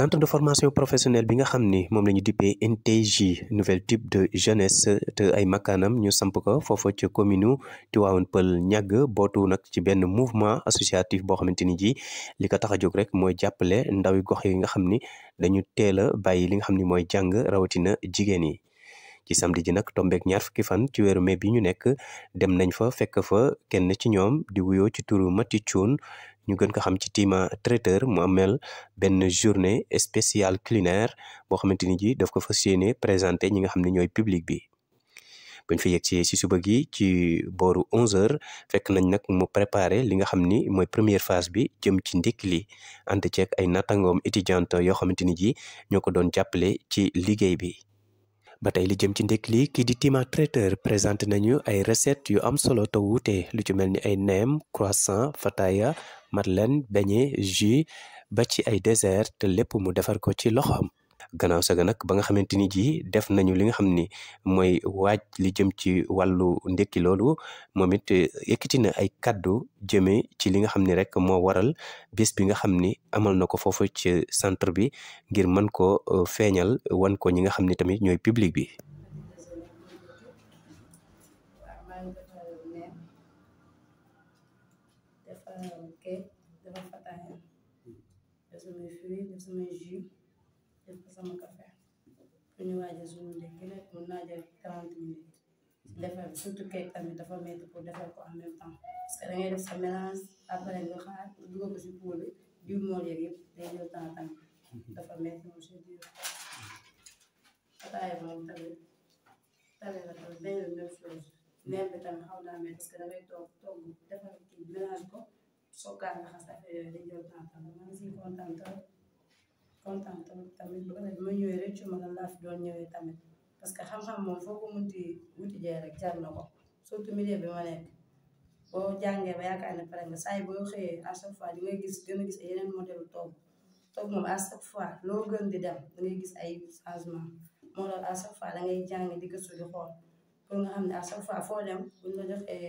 centre de formation professionnelle bi nga xam ni moom la ñu dippee NTJ nouvelle type de jeunesse te ay makkaanam ñu samp ko foofa ca commune Tivaouane Peulh ñàgg bootu nag ci benn mouvement associatif boo xamante ni ji li ko tax a jóg rek mooy jàppale ndawi gox yi nga xam ni dañu teel a bàyyi li nga xam ni mooy jàng rawatina jigéen yi. ci samedi ji nag tombeek ñaar fukki fan ci weeru mai bi ñu nekk dem nañ fa fekk fa kenn ci ñoom di wuyoo ci turu Mati Cuun ñu gën ko xam ci Tima traiteur mu amel benn journée spéciale culinaire boo xamante ni ji daf ko fas yéene présenté ñi nga xam ne ñooy public bi. bañ fa yegg ci si suba gi ci booru 11h fekk nañ nag mu préparé li nga xam ni mooy première phase bi jëm ci ndékki li ànd ceeg ay nattangoom étudiante yoo xamante ni ji ñoo ko doon jàppale ci liggéey bi. ba de li jëm ci ndek li ki di Tima traiteur présente nañu ay recettes yu am solo taw wuté lu ci croissant fataya madeleine beignet jus ba ci ay dessert te mu défar ganaaw saga nag ba nga xamante ni ji def nañu li nga xam ni mooy waaj li jëm ci wàllu ndekki loolu moom it eh, yëkkati na ay kàddu jëme ci li nga xam ni rek moo waral bis bi nga xam ni amal na ko foofu ci centre bi ngir mën ko eh, feeñal wan ko ñi nga xam ni tamit ñooy publik bi. Euh, sama café bu ñu waaj a suñu ndekki rek mun naa jël trente minutes defar surtout cake tamit dafa métti pour defar ko en même temps parce def sa mélange après nga xaar dugal ko si pool bi diw moo yeeg dafa métti monsieur Diop ataaya moom tamit tamit la tamit benn même chose neef bi tamit xaw naa métti parce que da ngay toog nga xas affaire yooyu day jël temps kontaan tamit tamit bu ko defee ma ñëwee rek ci ma lan doon ñëwee tamit parce que xam-xam moom foo ko munti wuti jee rek jar na ko surtout milieu bi ma nekk boo jàngee ba yaakaar ne pare nga saa yi boo xëyee gis gën a gis yeneen modèle toog toog moom à chaque fois loo gën di dem da ngay gis ay changement moo loolu à chaque fois da ngay jàng di gëstu di xool pour nga xam ne à chaque fois foo dem buñ la joxee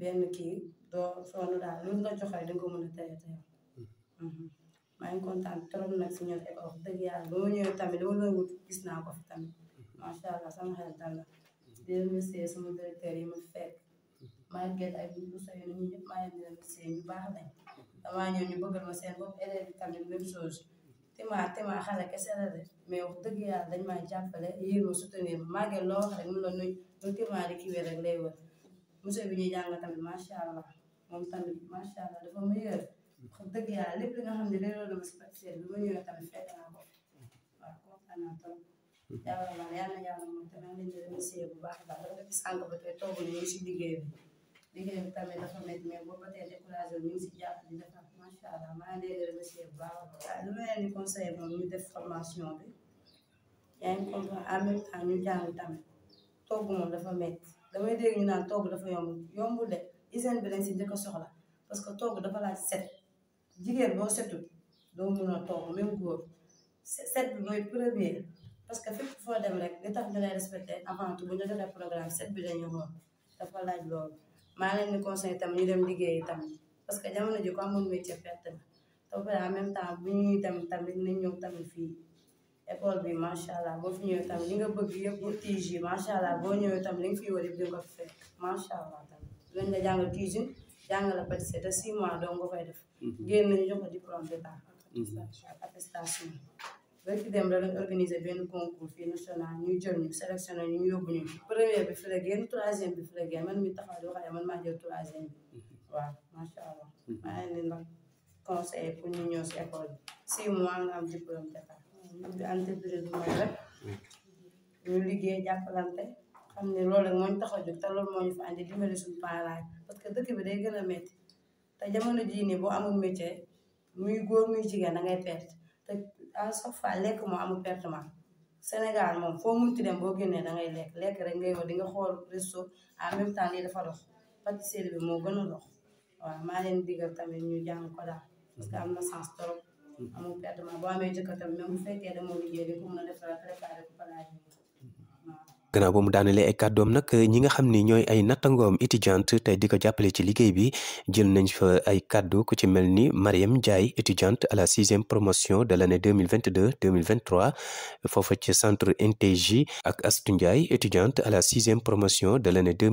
benn kii doo sonn daal luñ la joxee da nga ko mën a maa ngi kontaan trop nag si ñoom école wax dëgg yàlla ba ma ñëwee tamit lu ma doon wut gis naa ko fi tamit macha allah sama xel dal na di leen remercier sama directeur yi ma fekk maa ngi ak ñun Moussa yi ñun ñëpp maa ngi leen di remercier ñu baax lañ damaa ñëw ñu bëggal ma seen bopp élèves yi tamit même chose tema tema xale kese la de mais wax dëgg yàlla dañ maa jàppale yéen ma soutenir ma maa ngi loo wax rek ñu la nuyu loolu tema di kiiwee rek lay wër monsieur bi ñuy jàng tamit macha allah moom tamit macha allah dafa meilleur wax dëgg yàlla lépp li nga xam ne réeróo na si pâtissier bi ma ñëwee tamit fekk naa ko waaw kontaan tamit leen di remercier bu baax baax dafa gis si liggéey bi bi tamit dafa métti mais ngi si jàpp macha allah maa bu baax a ma leen di conseillé moom ñu def yaa ngi comprendre ñu jàng tamit toog moom dafa métti damay dégg ñu naan toog dafa yomb yombul de hygiène bi lañ si njëkk soxla parce que toog dafa laaj set jigéen boo setul doo mun a toog même góor set bi mooy premier parce que fépp foo dem rek li tax ñu lay respecté avant tout bu ñu defee programme set bi ñu xool dafa laaj loolu maa leen ni conseil tam ñu dem liggéeyi tam parce que jamono ji ko amul métier perte na te pare en même temps bu ñuy dem tamit nañ ñëw tamit fii école bi macha allah boo fi ñëwee tam ni nga bëgg yëpp tige yi macha allah boo ñëwee tam li nga fi war yëpp di nga ko fekk allah tamit dinañ la jàngal cuisine jàngal la pâtisserie mois doo nga koy def. Mhm. génn ñu jox ko diplôme d'état mhm. attestation rek dem la lañ organisé benn concours fii national ñu jël ñu sélectionné ñu yóbbu ñu première bi fi génn troisième bi fi génn man mi taxaw di wax man maa bi mhm. waaw macha allah maa ngi leen conseil pour ñu ñëw si école bi diplôme d'état di entreprise liggéey jàppalante xam ne loolu rek moo ñu tax a jóg te loolu moo ñu parce que dëkk bi day gën a métti te jamono jii nii boo amul métier muy góor muy jigéen da ngay perte te à chaque fois lekk moo amul perte ma Sénégal moom foo munti dem boo génnee da ngay lekk lekk rek ngay wax di nga xool resto en même temps lii dafa dox pâtisserie bi moo gën a dox waaw maa leen digal tamit ñu jàng ko daal parce que am na sens trop mm-hmm. amul perte ma boo amee jëkkër tamit même bu fekkee demoo a di ko mën a defaral préparé ko palaaj gannaaw ba mu daanalee ay kàddoom nag ñi nga xam ni ñooy ay nattangoom étudiante tey di ko jàppale ci liggéey bi jël nañ fa ay kàddu ku ci mel ni Mariam Ndiaye étudiante à la sixième promotion de l' année 2023 mille foofa ci centre NTJ ak Astou Ndiaye étudiante à la sixième promotion de l' année 2023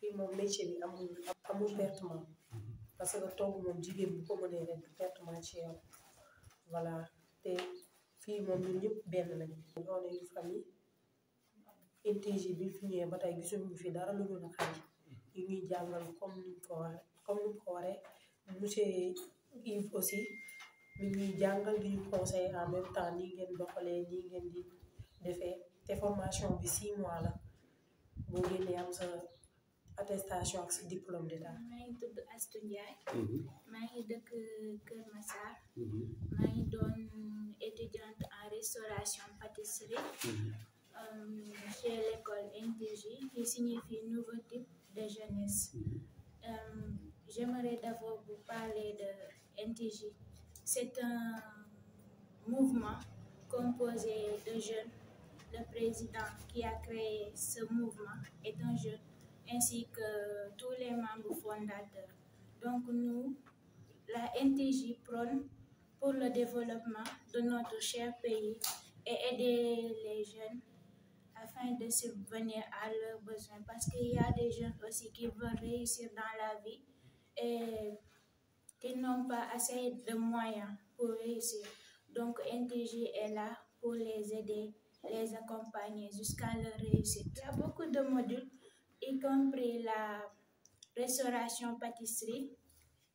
fii moom métier bi amul amul perte parce que togg moom jigéen bu ko mënee rek du perte ci yow voilà te fii moom ñun ñëpp benn lañ doone yu famille NTJ bi fi ñëwee ba tey gisuñu fi dara lu dul xale yi ñuy jàngal comme ni mu ko waxee comme aussi mi ñuy jàngal di ñu conseil en même temps nii ngeen doxalee nii ngeen di defee te formation bi six mois la boo attestation ak sa diplôme d'état. maa ngi tudd mhm. maa ngi mhm. étudiante en restauration pâtisserie. Mhm. Euh, chez l'école NTJ qui signifie nouveau type de jeunesse. Euh, j'aimerais d'abord vous parler de NTJ. c'est un mouvement composé de jeunes. Le président qui a créé ce mouvement est un jeune ainsi que tous les membres fondateurs. Donc nous, la NTJ prône pour le développement de notre cher pays et aider les jeunes afin de subvenir à leurs besoins. Parce qu'il y a des jeunes aussi qui veulent réussir dans la vie et qui n'ont pas assez de moyens pour réussir. Donc NTJ est là pour les aider, les accompagner jusqu'à leur réussite. Il y a beaucoup de modules y compris la restauration pâtisserie.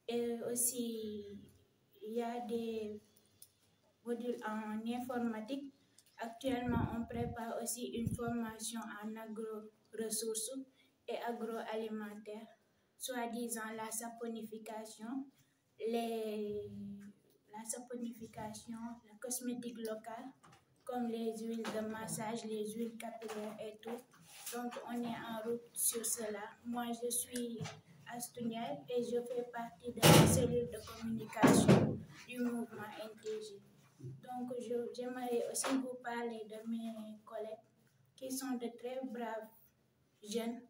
Et aussi, il y a des modules en informatique. Actuellement, on prépare aussi une formation en agro-ressources et agroalimentaire, soi-disant la saponification, les, la saponification, la cosmétique locale, comme les huiles de massage, les huiles capillaires et tout. Donc, on est en route sur cela. Moi, je suis Astunia et je fais partie de la cellule de communication du mouvement NTG. Donc, j'aimerais aussi vous parler de mes collègues qui sont de très braves jeunes,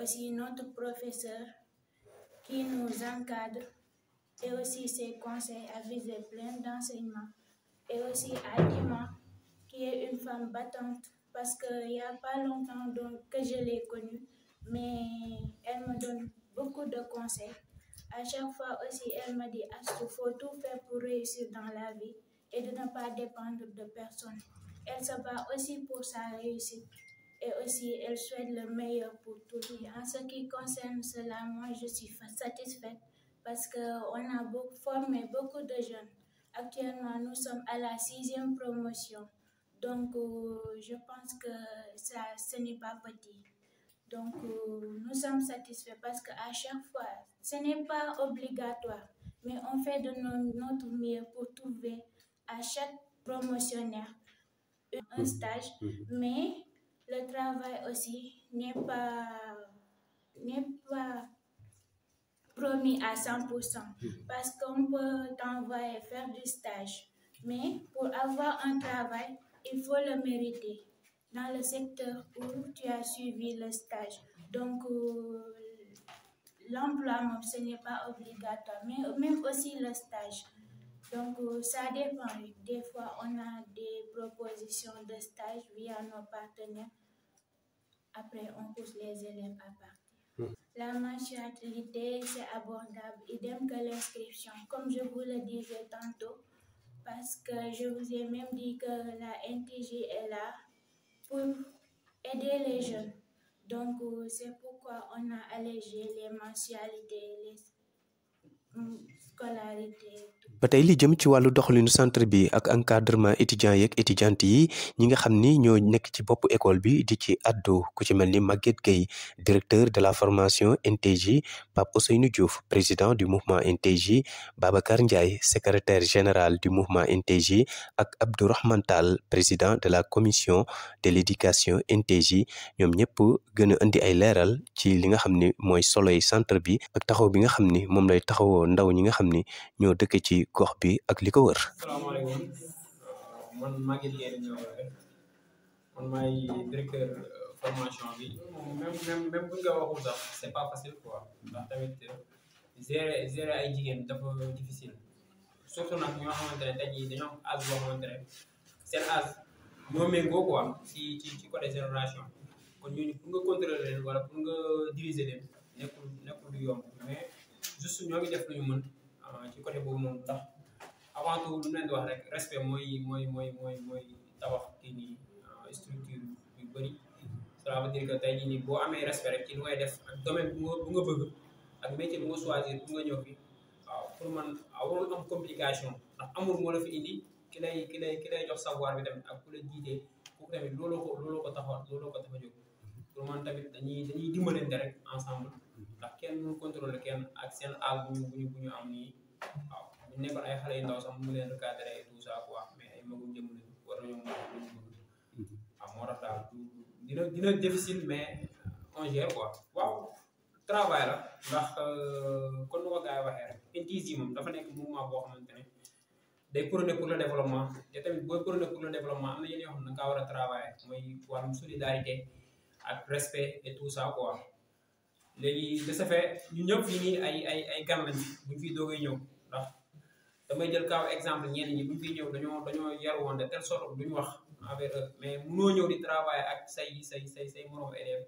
aussi notre professeur qui nous encadre et aussi ses conseils à viser plein d'enseignements et aussi Adima qui est une femme battante parce qu'il n'y a pas longtemps donc, que je l'ai connue, mais elle me donne beaucoup de conseils. À chaque fois aussi, elle me dit qu'il faut tout faire pour réussir dans la vie et de ne pas dépendre de personne. Elle se bat aussi pour sa réussite et aussi elle souhaite le meilleur pour tout le monde. En ce qui concerne cela, moi je suis satisfaite parce qu'on a beaucoup, formé beaucoup de jeunes. Actuellement, nous sommes à la sixième promotion. Donc, euh, je pense que ça, ce n'est pas petit. Donc, euh, nous sommes satisfaits parce qu'à chaque fois, ce n'est pas obligatoire, mais on fait de notre mieux pour trouver à chaque promotionnaire un mhm. stage. Mhm. Mais le travail aussi n'est pas, n'est pas promis à 100% mhm. parce qu'on peut t'envoyer faire du stage. Mais pour avoir un travail, il faut le mériter. Dans le secteur où tu as suivi le stage, donc euh, l'emploi, ce n'est pas obligatoire, mais même aussi le stage. Donc, euh, ça dépend. Des fois, on a des propositions de stage via nos partenaires. Après, on pousse les élèves à partir. Hmm. La mensualité, c'est abordable, idem que l'inscription. Comme je vous le disais tantôt, parce que je vous ai même dit que la NTG est là pour aider les jeunes. Donc, euh, c'est pourquoi on a allégé les mensualités, les euh, scolarités. ba tey li jëm ci wàllu doxalinu centre bi ak encadrement étudiants yeeg étudiantes yi ñi nga xam ni ñoo nekk ci bopp école bi di ci addu ku ci mel ni Maguette Gueye directeur de la formation NTJ Pape Ousseynou Diouf président du mouvement NTJ Babacar Ndiaye secrétaire général du mouvement NTJ ak Abdourahmane Tall président de la commission de l'éducation NTJ ñoom ñëpp gën a indi ay leeral ci li nga xam ni mooy soloy centre bi ak taxaw bi nga xam ni moom lay taxawoo ndaw ñi nga xam ni ñoo dëkk ci gox bi ak li ko wër. salaamaaleykum man Maguette Guèye ñëw rek man maay directeur euh, formation bi même même même bu nga waxul sax c'est pas facile quoi ndax tamit euh, gérer gérer ay jigéen dafa difficile surtout nag ñoo xamante ne tey jii dañoo am âge boo xamante ne seen âge moo méngoo quoi ci ci ci côté génération kon ñooñu pour nga contrôler leen wala pour nga diviser leen nekkul nekkul du yomb mais juste ñoo ngi def lu ñu mën. ci côté boobu moom ndax avant tout lu mu leen di wax rek respect mooy mooy mooy mooy mooy tabax kii nii euh, structure yu bëri cela veut dire que tey jii nii boo amee respect rek ci lu ngay domaine bu nga bu nga bëgg ak métier bu nga choisir bu nga ñëw fi waaw pour man warul am complication ndax amour moo la fi indi ki lay ki lay jox savoir bi dem ak ku la jiitee kooku tamit looloo ko looloo ko taxa looloo ko taxa jóg pour man tamit dañuy dañuy dimbalante rek ensemble ndax kenn mënu contrôler kenn ak seen aal bu ñu waaw buñ nekkoon ay xale yu ndaw sax mu leen recadré et tout ça quoi mais ay magum jëm lañu war nañoo mën a luñ bëgg mhm. daal dina dina mais on gère quoi waaw travail la ndax kon euh, nu ko gars yi waxee rek NTZ moom dafa nekk mouvement boo xamante ne day prôné pour le développement te tamit booy prôné pour le développement am na yeneen yoo xam ne nga war a travailler mooy wàllum solidarité ak respect et tout ça léegi de ñu fait ñun ñëpp fii nii ay ay ay gan lañ bu ñu fiy ñëw damay jël kaw exemple ñenn ñëw dañoo dañoo yar woon de telle sorte duñu wax avec eux mais mënoo ñëw di travailler ak say say say say moroom élève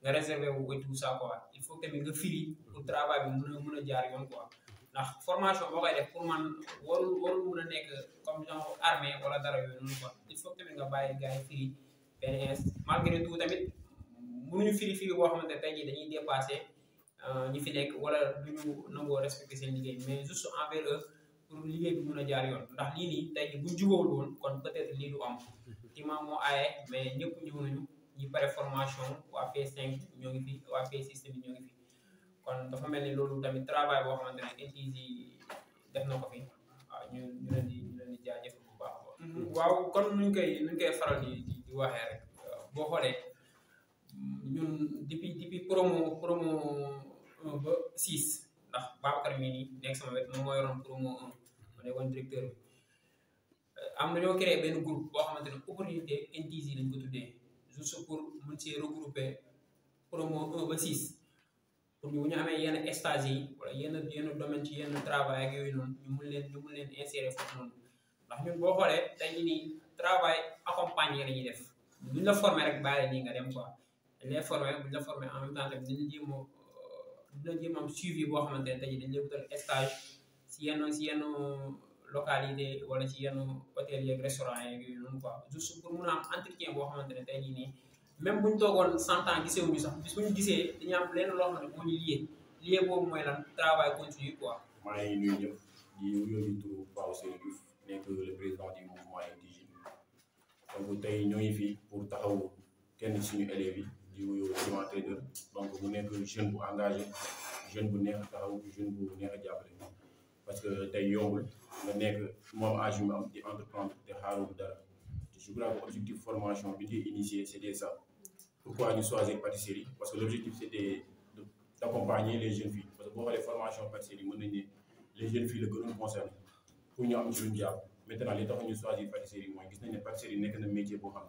nga réservé wu et tout ça quoi il faut tamit nga firi pour travail bi mën a a jaar yoon quoi ndax formation boo koy def pour man warul warul mën a nekk comme genre armée wala dara yooyu noonu quoi il faut tamit nga bàyyi gars firi malgré tout tamit. mënuñu firi firi boo xamante ne tey jii dañuy dépassé euh, ñi fi nekk wala duñu nangoo respecté seen liggéey mais juste envers eux pour liggéey bi mun a jaar yoon ndax lii nii tey jii buñ jubóowul woon kon peut-être lii du am climat moo aaye mais ñëpp ñëw nañu ñi pare formation waa P5 ñoo ngi fi waa P6 bi ñoo ngi fi kon dafa mel ni loolu tamit travail boo xamante ne NTZ def na ko fi waaw ñu ñu leen di ñu leen baax a baax waaw kon nuñ koy nuñ koy faral di di waxee rek boo xoolee ñun depuis depuis promo promo un ba six ndax Babacar mii nii nekk sama wet moom moo yoroon promo un ma directeur bi euh, am na ñoo créé benn groupe boo xamante ne opportunité NTZ lañ ko tuddee juste pour mun see regrouper promo ba six pour ñu bu yenn stage yi wala yenn yenn domaine ci yenn travail ak yooyu noonu ñu mun leen ñu mun leen insérer foofu noonu ndax ñun boo xoolee dañu ni travail accompagné la ñuy def duñ la former rek bàyyi nii nga dem quoi. les former bu ñu former en même temps tamit dina jéem dina jéem am suivi boo xamante ne tey dañu la wutal stage si yenn si yenn localité wala si yenn hôtel yeeg restaurant yeeg yooyu noonu quoi juste pour mun a am entretien boo xamante ne tey jii nii même bu ñu toogoon cent ans gisee wuñu sax bis bu ñu gisee dañu am lenn loo xam ne moo ñu lié lié boobu mooy lan travail continu quoi. maa ngi nuyu ñëpp di wuyoo di turu Pape Seydou Diouf nekk le président du mouvement indigène donc tey ñoo ngi fi pour taxaw kenn ci suñu élèves yi di wuyoo un Trader donc mu nekk jeune pour pour jeune bu neex a taxaw jeune bu neex a parce que des yombul nga nekk moi âge mu am de entreprendre des xaarul dara je crois que objectif formation bi initier initié c'était ça pourquoi nous choisir pâtisserie parce que l'objectif c'était d'accompagner les jeunes filles parce que boo les formation pâtisserie mën nañu les jeunes filles le gënoon concerné pour nous am une diable. maintenant les tax nous choisir pâtisserie moi gis nañ que pâtisserie que na métier pour xam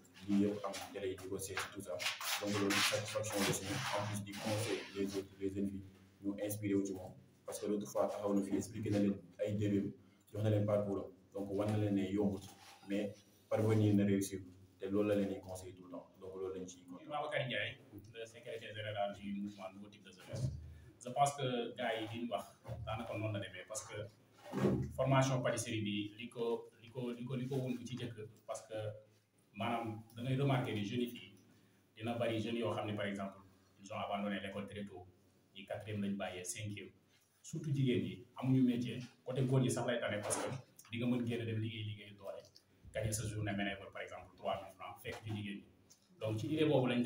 bi à am délai tout ça donc la satisfaction de ce en plus du conseil les autres les ennemis, nous inspirer inspiré parce que l'autre fois taxaw na fi expliquer na leen donc on jox na leen parcours donc on a leen ne yombut mais parvenir na réussir te loolu la leen di tout le temps donc loolu lañ ciy conseillé. Babacar Ndiaye le secrétaire général du mouvement nouveau type de jeunesse je pense que Gaï, il nous ñu wax dans noonu la parce que formation pas bi li ko li ko li ko parce que. maanaam da ngay remarquer ni jeunes yi fii dina bari jeunes yoo xam ne par exemple ils ont abandonné l'école très tôt ñi quatrième lañ bàyyee cinquième surtout jigéen ñi amuñu métier côté góor ñi sax lay parce que di nga mën génn dem liggéey liggéey doole gagner sa journée ménagère par exemple trois mille fekk ci jigéen ñi donc ci idée boobu lañ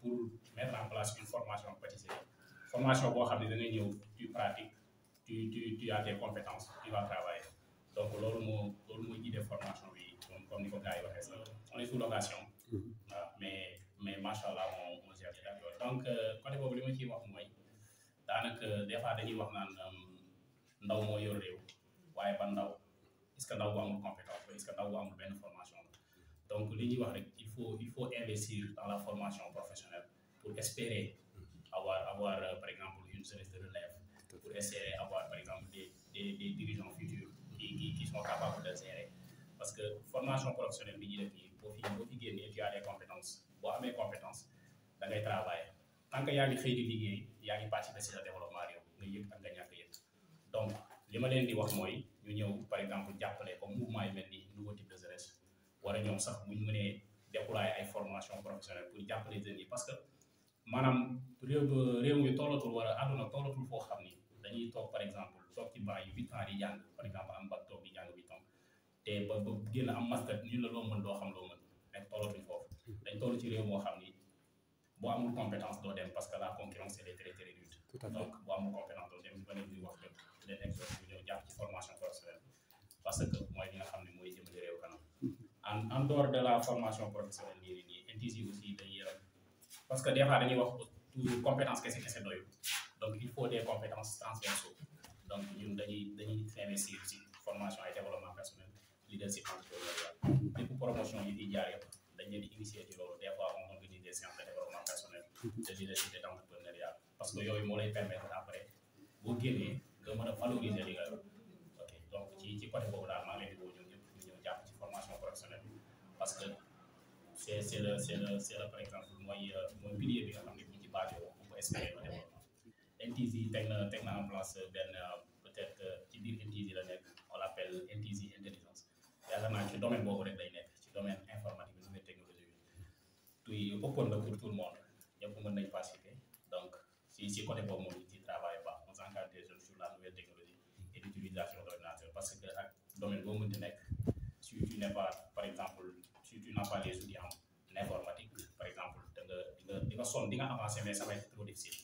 pour mettre en place une formation pâtisserie formation boo xam ne da ngay ñëw tu pratique tu tu tu as comme ni ko gars yi waxee on est sous location. Mm-hmm. Ah, mais mais macha allah on on gère yooyu donc euh, côté boobu li ma ciy wax donc daanaka des fois dañuy wax naan euh, ndaw moo yor réew waaye ban ndaw est-ce que ndaw bu amul compétence est-ce que ndaw bu amul benn formation donc li ñuy wax rek il faut il faut investir dans la formation professionnelle pour espérer mm-hmm. avoir avoir euh, par exemple une jeunesse de relève pour espérer avoir par exemple des des des dirigeants futurs qui qui qui sont capables de gérer. parce que formation professionnelle bi ñuy def nii boo fi boo fi génnee tu as des compétences boo amee compétence da ngay travailler yaa ngi xëy di liggéey yaa ngi participer ci sa développement réew nga yëg nga ñàkk yëg donc li ma di wax mooy ñu ñëw par exemple jàppale comme mouvement yu mel ni nouveau type de jeunesse wala ñoom sax bu mënee déployer ay formation professionnelle pour jàppale jeunes yi parce que maanaam réew réew mi tollatul wala àdduna tollatul foo xam ni dañuy toog par exemple yi huit ans di te ba ba génn am maskat nii la loo doo xam loo mën mais foofu dañ toll ci réew moo xam ni boo amul compétence doo dem parce que la concurrence elle est très très rude donc boo amul compétence doo dem beneen bi wax dëgg leen exemple bu ñëw que mooy li nga xam ne mooy jëmale réew kanam en en de la formation professionnelle nii nii NTC aussi dañuy parce que des fois dañuy wax toujours compétence kese kese doyul donc il faut des compétences transversaux donc ñun dañuy dañuy investir ci formation et développement personnel leadership entrepreneurial bépp promotion yi di jaar yëpp dañ leen di initier ci loolu des on organise des de développement de leadership et parce que yooyu moo lay permettre après boo génnee nga mën a valoriser li nga ok donc ci ci côté boobu daal maa di woo ñoom ñëpp ci formation professionnelle parce que c'est c'est le c'est le c'est par exemple mooy euh, mooy pilier bi nga ci bâché woo pour espérer le développement NTZ teg na teg na en euh, peut-être euh, ci biir NTZ la la ci domaine boobu rek lay nekk ci domaine informatique bi domaine technologie bi tuy open la pour tout le monde ñëpp mën nañ participer donc si si côté boobu moom ci travail baax on s'engage des jeunes sur la nouvelle technologie et l'utilisation de l'ordinateur parce que ak domaine boo mën di nekk si tu n'es pas par exemple si tu n'as pas les outils en informatique par exemple da nga di nga di nga sonn di nga avancer mais ça va être trop difficile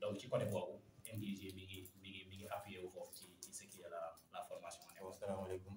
donc ci côté boobu NDG mi ngi mi ngi mi ngi appuyé wu foofu ci ci ce qui est la la formation asalaamaaleykum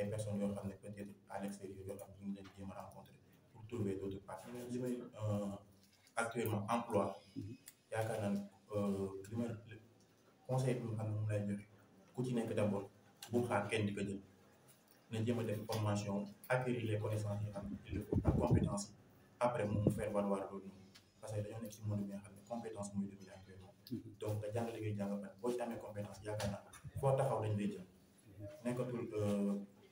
ay personne yo xamné ne peut être à l' extérieur yoo xam ne ñu leen jéem a rencontré pour trouver d'autres partenaires li may euh, actuellement emploi mhm. yaakaar naa euh, li may conseil bu xamné xam lay jox ku ci nekk d'abord bu xaar kenn di ko jël na jëma a def formation acquérir les connaissances yi xamné ne il le faut la compétence après moom mu faire valoir loolu ñu parce que dañu nekk ci monde bi nga xamné compétence mooy demee actuellement mhm. donc nga jàng ngay jàng ba bo ci amé compétence yaakaar naa fo taxaw lañ lay jël mhm. nekkatul euh,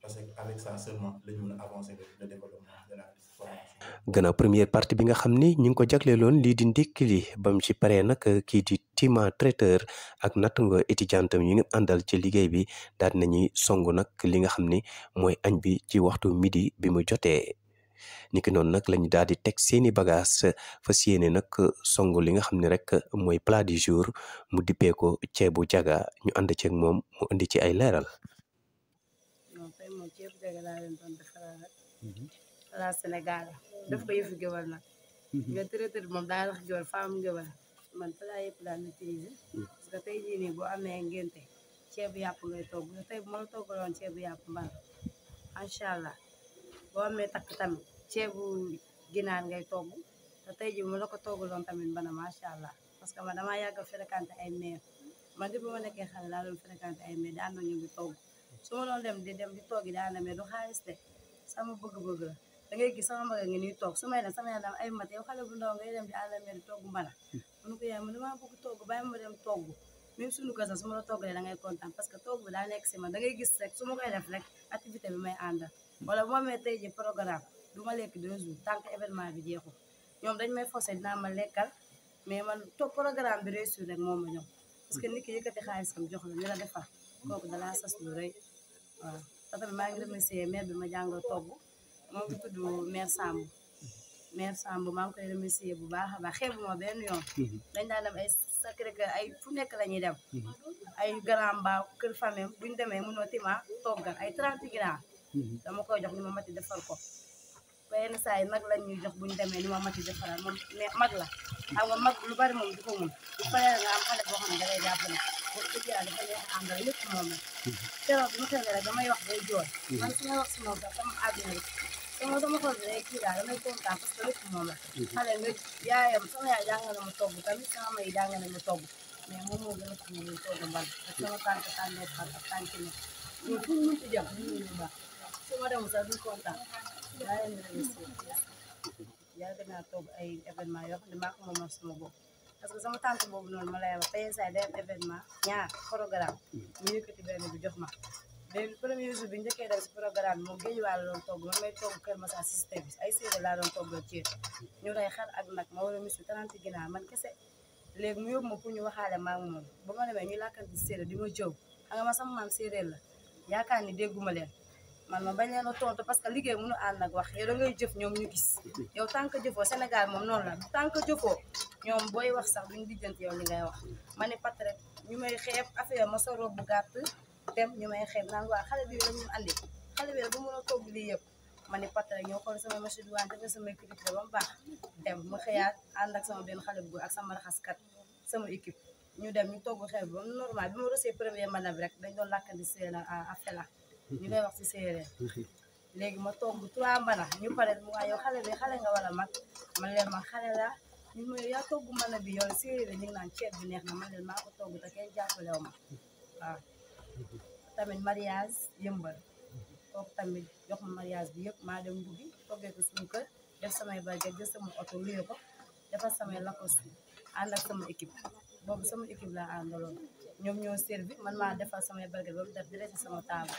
parce que première partie bi nga xam ni ñu ngi ko jagleeloon lii di ndikkili li ba mu ci paree nag euh, kii di tima traiteur ak nattango étudiante ñu ngi àndal ci liggéey bi daal nañuy songu nag li nga xam ni mooy añ bi ci waxtu midi bi mu jotee. niki noonu nag lañu daal di teg seeni bagage fas yéene nag songu li nga xam ne rek mooy plat du jour mu dippeeko ceebu jaga ñu ànd ceeg moom mu indi ci ay leeral. pega laa leen doon defaral rek. ala mhm. Sénégal def ko yëfu géwal nag. nga mhm. traité moom daa wax géwal femme géwal man plat yëpp laa maîtriser. Mhm. parce que tey jii nii boo amee ngénte ceebu yàpp ngay togg tey bu ma la toggaloon ceebu yàpp mbar incha allah boo amee takk tamit ceebu ginaar ngay togg te tey jii bu ma la ko toggaloon tamit bana macha allah parce que man damaa yàgg a fréquenté ay mère man de bu ma nekkee xale laa doon fréquenté ay mère daan nañu bi togg. su ma dem di dem di toog yi daan demee du xaalis de sama bëgg-bëgg la da ngay gis sama mag ngi nii toog su may dem sama yaram ay mat yow bu ndaw ngay dem di àllamee ma hmm. damaa bëgg togg bàyyi ma dem togg même suñu ko sax la toggalee da ngay kontaan parce que togg bi daa nekk si man da ngay gis rek su ma koy def rek activité may àndal wala bu ma tey ji programme du ma lekk deux jours tant que événement bi jeexul ñoom dañ may forcé dinaa ma lekkal mais man toog programme bi réussir rek moom ma ñoom parce que nit ki yëkkati xaalis am jox la ñu la defar kooku dalaa sas lu rëy waaw te tamit maa ngi remercier maire bi ma jàngal togg moom ko tudd maire Samb maire Samb maa ngi koy remercier bu baax a baax xeebu ma benn yoon dañ daan dem ay ay fu nekk la dem ay grand mba kër demee mënoo tima toggal ay 30 grand dama koy jox ni ma mati defal ko benn saa yi mag la ñuy bu buñu demee ni ma mati defaral moom mais mag la mag lu bari moom du ko mun du paree nga am xale boo xam ne da Ya, kena tob ay even mayo, lima ko mamas parce que sama tante boobu noonu ma lay wax day am événement ñaar programme mu yëkkati benn bi jox ma léegi premier bi njëkkee dem si programme bi moom géej waa la may togg Kër Massa système ay séeréer laa doon toggal ceeb ñu xar ak nag ma war mis bi ginaar man kese léegi mu yóbbu ñu waxaale maa ngi moom ba ñu làkkante séeréer di ma jëw xam nga la yaakaar ni dégguma leen man ma bañ leen a tontu parce que liggéey mënu ànd ak wax yow ngay jëf ñoom ñu gis yow tant que jëfoo Sénégal moom noonu la tant jëfoo ñoom booy wax sax duñu lijjanti yow li ngay wax ma ne pat rek ñu may xeeb affaire ma sa robe bu ñu may xeeb naan waa xale bi la ñu andi xale la bu mën a togg lii yëpp pat rek ñoo xool sama machine waan dafa sama équipe ba mu baax dem ma xëyaat ànd ak sama benn xale bu ak sama raxaskat sama équipe ñu dem ñu togg xeeb ba mu normal bi ma rosee premier manab rek dañ doon lakkandi na a fela ñu koy wax ci séeréer léegi ma toog bu trois mbana ñu pare mu waa yow xale bi xale nga wala mag man leen ma xale la ñu ma yaa togg mën a bi yow séeréer la ñu naan ceeb bi neex na man leen maa ko togg te kenn jàppalew ma waaw tamit mariage yëmbal kooku tamit jox ma mariage bi yëpp maa dem duggi toggee samay barget jël sama oto ko defal samay lakos ànd ak sama sama équipe laa àndaloon ñoom ñoo servi man maa defal samay barget ba mu def di sama table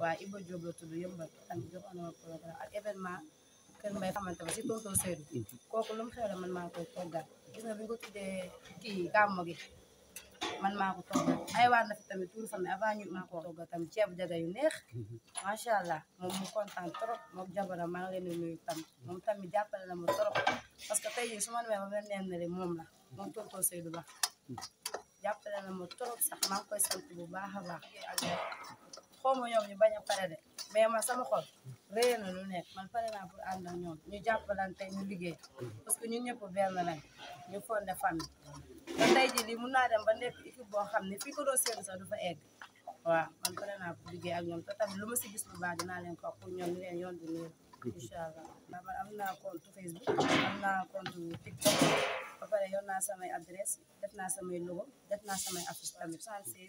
waaye Iba Diop la anu, kan kan tudd yëmbal tamit jox na programme ak événement kër mbay xamante ba si tonton Seydou kooku lu ko xew la man maa ko toggal gis nga bi ñu ko tuddee kii gàmmo gi man maa ko toggal ay waar na fi tamit tuur famille avant ñu maa ko toggal tamit ceeb jaga yu neex macha allah moom mu kontaan trop moom jabaram maa ngi leen di nuyu tamit moom tamit jàppale na ma trop parce que tey jii su ma demee ba mel neen ne moom la moom tonton Ba jàppale la ma trop sa maa ngi koy sant bu baax a xaw ma ñoom ñu bañ a pare de mais man sama xol réer na lu nekk man pare naa pour ànd ak ñoom ñu jàppalante ñu liggéey parce que ñu ñëpp benn lañ ñu fondé famille ba lii mun naa dem ba nekk boo xam ne fii ko doon séen sax du egg waaw man pare naa pour liggéey ak ñoom te lu ma si gis bu baax leen ko pour ñoom ñu leen yoon di nuyu incha allah am naa compte Facebook am naa compte TikTok samay adresse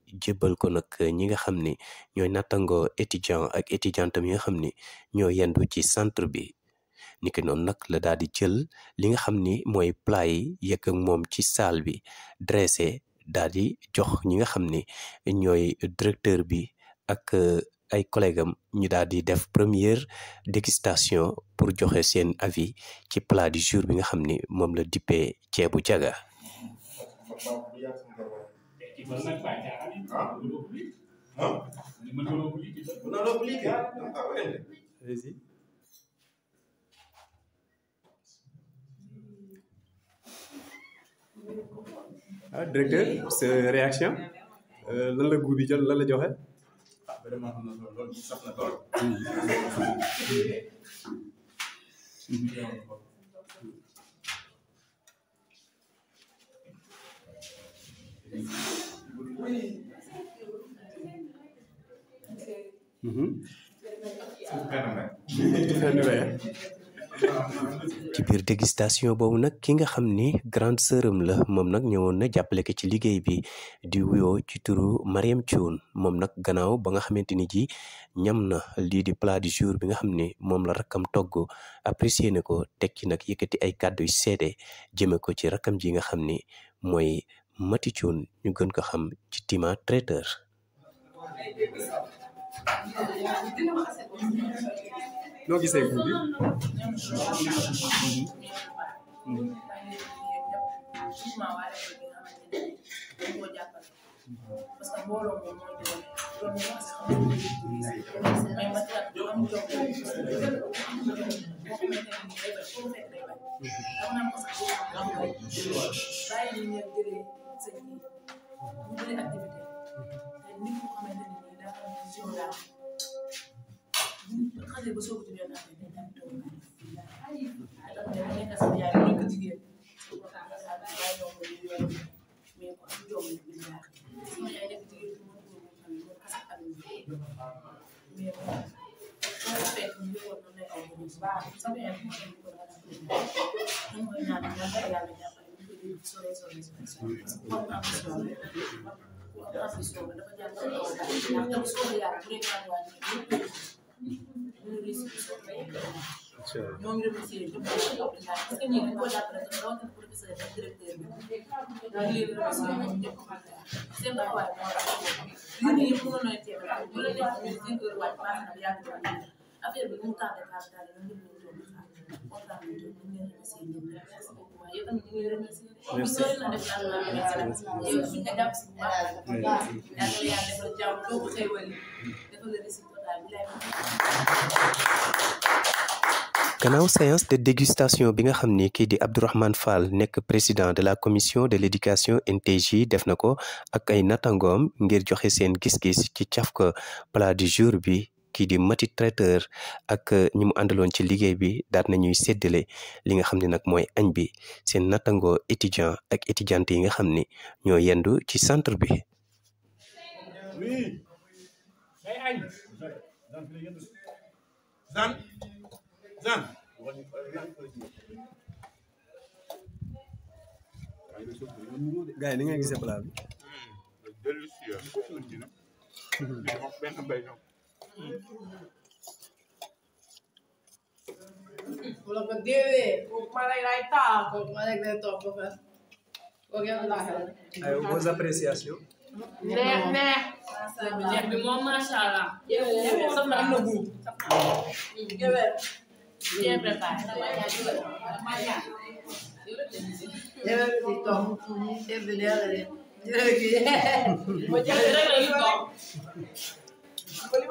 jébbal ko nag ñi nga xam ni ñooy nattangoo étudiant ak étudiantam yi nga xam ni ñoo yendu ci centre bi niki noonu nag la daal di jël li nga xam ni mooy plat yi yekk ak moom ci salle bi dressé daal di jox ñi nga xam ni ñooy directeur bi ak euh, ay collègue am ñu daal di def première dégistation pour joxe seen avis ci plat du jour bi nga xam ni moom la dippee ceebu jaga director से reaction लल गुबी जल लल्ले जो है Mhm. ci biir dégustation boobu nag ki nga xam ni grande sœuram la moom nag ñëwoon na jàppale ko ci liggéey bi di wuyoo ci turu Mariam Thioune moom nag gannaaw ba nga xamante ni ji ñam na lii di plat du jour bi nga xam ni moom la rakkam togg apprécié na ko teg ci nag yëkkati ay kàddu yu seede jëme ko ci rakkam ji nga xam ni mooy Mati ñu gën ko xam ci Tima traiteur bi Thank you. bu bëri activité ba soobu ci benn affaire dañ daan toog ay dafa dem nekk sa yaay mu nekk jigéen su ma ko moom xam ne sorry sorry sorry xool ba am solo la dafa am solo dafa jàng dafa am solo ndax soo yaa bu dee maa waa ñu ngi si soo ñoo ngi remercier ñëpp parce que ñii dañu ko jàppale te rawatina professeur bi ak directeur bi ñoo ngi leen remercier ñoom ñëpp seen taxawaay moo tax lii nii yëpp mënoon nañu teewal bu la neexee ñu déglu waaj baax na yàgg na affaire bi mu tardé tardé daal ñun ñëpp ñoo ngi kontaan nañu ñu ngi leen remercier ñëpp merci beaucoup waaye yow tamit ñu ngi remercier merci gannaaw séance de dégustation bi nga xam ni kii di Abdourahmane Fall nekk président de la commission de l'éducation NTJ def na ko ak ay nattangoom ngir joxe seen gis-gis ci cafka plat du jour bi kii di Mati Traiteur ak euh, ñi mu àndaloon ci liggéey bi daal nañuy séddale li nga xam ne nag mooy añ bi seen nattangoo étudiant ak étudiante yi nga xam ni ñoo yendu ci centre bi gaay bi hmm, Coloca dele, coloca uma legraita, coloca uma legraita, coloca. que na rede. Aí eu vou apreciar, viu? Né, né. Já me mama chala. Eu só para no grupo. Que ver. Que prepara. Eu vou tomar um pouquinho de bebida. Eu vou tomar. Vou tirar ele do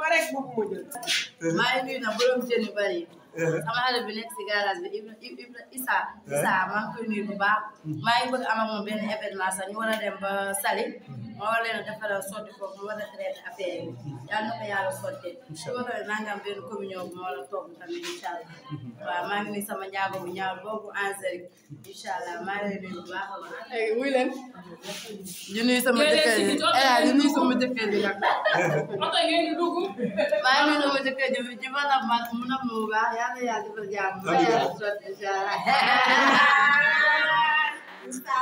ma rek bëgg ma jël. maa ngi nuyu nag borom jën yu bari sama xale bi nekk si garage bi Ibra Issa Issa maa ngi koy bu baax mm-hmm. maa ngi bëgg am ak moom benn événement sax ñu war a dem ba Saly mm-hmm. ma a sotti foofu mu war a traité affaire yi mm-hmm. yal sotti su ko defee maa ngi am benn communion bu ma a toog tamit incha allah maa ngi nuyu sama njaago bu ñaaw boobu Angélique incha maa ngi lay bu baax a baax wuy leen ñu nuyu sama jëkkër ji eh ñu nuyu sama jëkkër ji nag maa ngi nuyu sama jëkkër ji ji ma na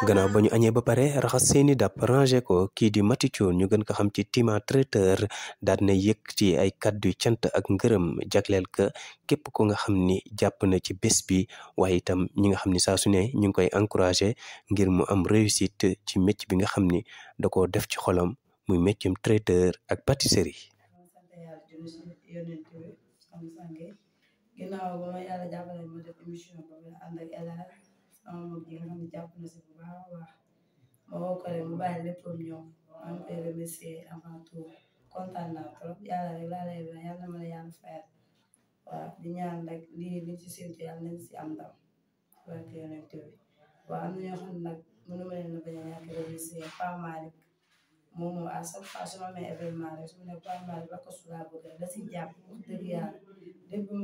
gannaaw ba ñu añee ba pare raxas seeni dàpp rangé ko kii di Mati Cuun ñu gën ko xam ci Tima traiteur daal na yëkk ci ay kàddu cant ak ngërëm jagleel ka képp ko nga xam ni jàpp na ci bés bi waaye itam ñi nga xam ni saa su ne ñu ngi koy encouragé ngir mu am réussite ci métier bi nga xam ni da ko def ci xolom muy métier traiteur ak pâtisserie ginnaaw ba ma yàlla jàppale ma bu baax a mu bàyyi lépp ñoom maa ngi koy remercier avant tout kontaan naa trop yàlla rek laa lay wax yàlla na ma la yàlla fayal waaw di ñaan li ci séntu yàlla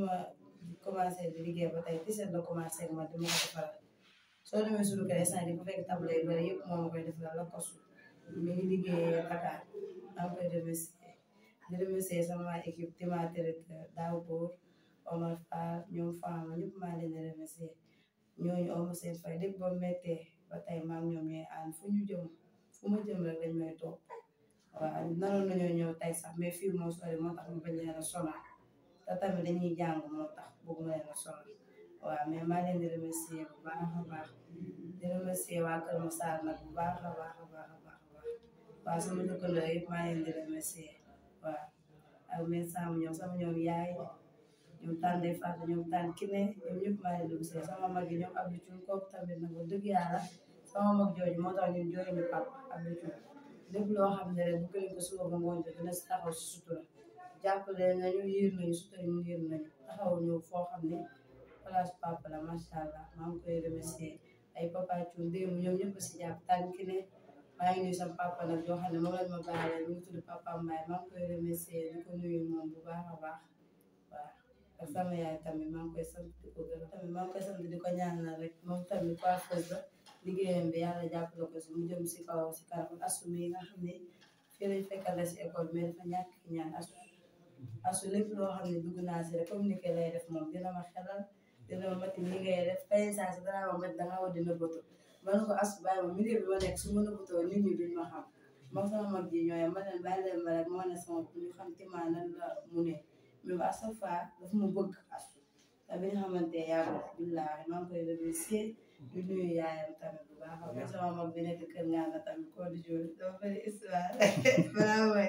a bañ a commencé di liggéey ba tey tiset la commencé ak man dama ko defaral soo demee suñu kër instant fekk table yi bëri yëpp moom koy defaral la kosu mi ngi liggéeyee Dakar maa ngi koy remercier di remercier sama équipe Timatirite euh, Daaw Bour Omar ñoom Fama ñëpp maa di remercier ñooñu amul seen fay lépp ba méttee ba tey maa ñoom ñooy ànd fu ñu jëm fu ma jëm rek dañ may topp waaw naroon nañoo ñëw tey sax mais fii moo sori moo tax ñu bañ leen a sonal te tamit dañuy jàng moo tax. boobu ma leen a sol waaw mais maa leen di remercier bu baax waa Kër Massar nag bu baax a sama dëkkandoo yëpp maa leen di remercier waaw ak ñoom sama ñoom yaay ñoom tànn day fàtte ñoom tànn kine ñoom ñëpp maa leen di sama mag ñoom Abdou Diouf tamit nag wax dëgg sama mag jooju moo tax ñun jooju ñu pap Abdou Diouf lépp rek bu ko suba ba ngoon jot jàppale nañu yiir nañu sutura ñu yiir nañu taxaw foo xam ne place papa la allah maa ngi koy remercier ay papa Thioune démb ñoom ñëpp si jàpp ne maa ngi nuyu sama papa nag yoo xam bu baax a baax waaw ak tamit maa ngi koy sant di ko gërëm rek moom tamit coiffeuse la liggéeyam bi yàlla jàppale ko si mu jëm si kaw si kanam assumé si école mais dafa ñàkk ñaan assumé asu lépp loo xam ne dugg naa si moom dina ma xelal dina ma matti li ngay def tey saa si danaa ma mat dangaa asu bàyyi ma milieu bi ma nekk su ma nëbbutoo nit ma xam moom sama mag ji ñooy ma leen bàyyi leen ma rek sama ñu xam ci maa nan mu ne mais à chaque fois daf ma bëgg asu te bi nga tamit bu baax sama mag bi nekk kër ngaa tamit koo di jooy dama bëri histoire balaa mooy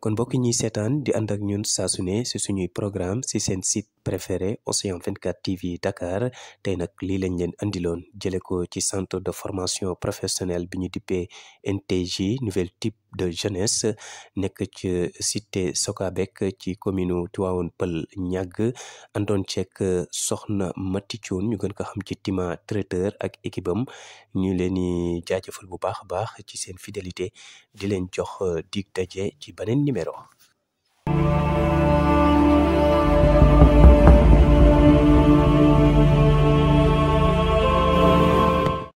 kon mbokk ñi sétane di and ak ñun sa suné ci suñuy programme ci sen site préféré Océan 24 TV Dakar tey nak li lañ leen andiloon jëlé ko ci centre de formation professionnelle bi ñu NTJ nouvelle type de jeunesse nekk ci cité Sokabek ci commune Tivaouane Peul ñàgg àndoon ceek euh, soxna Mati Thion ñu gën ko xam ci Tima traiteur ak équipe ñu leen di jaajëfal bu baax a baax ci seen fidélité di leen jox euh, dig daje ci beneen numéro.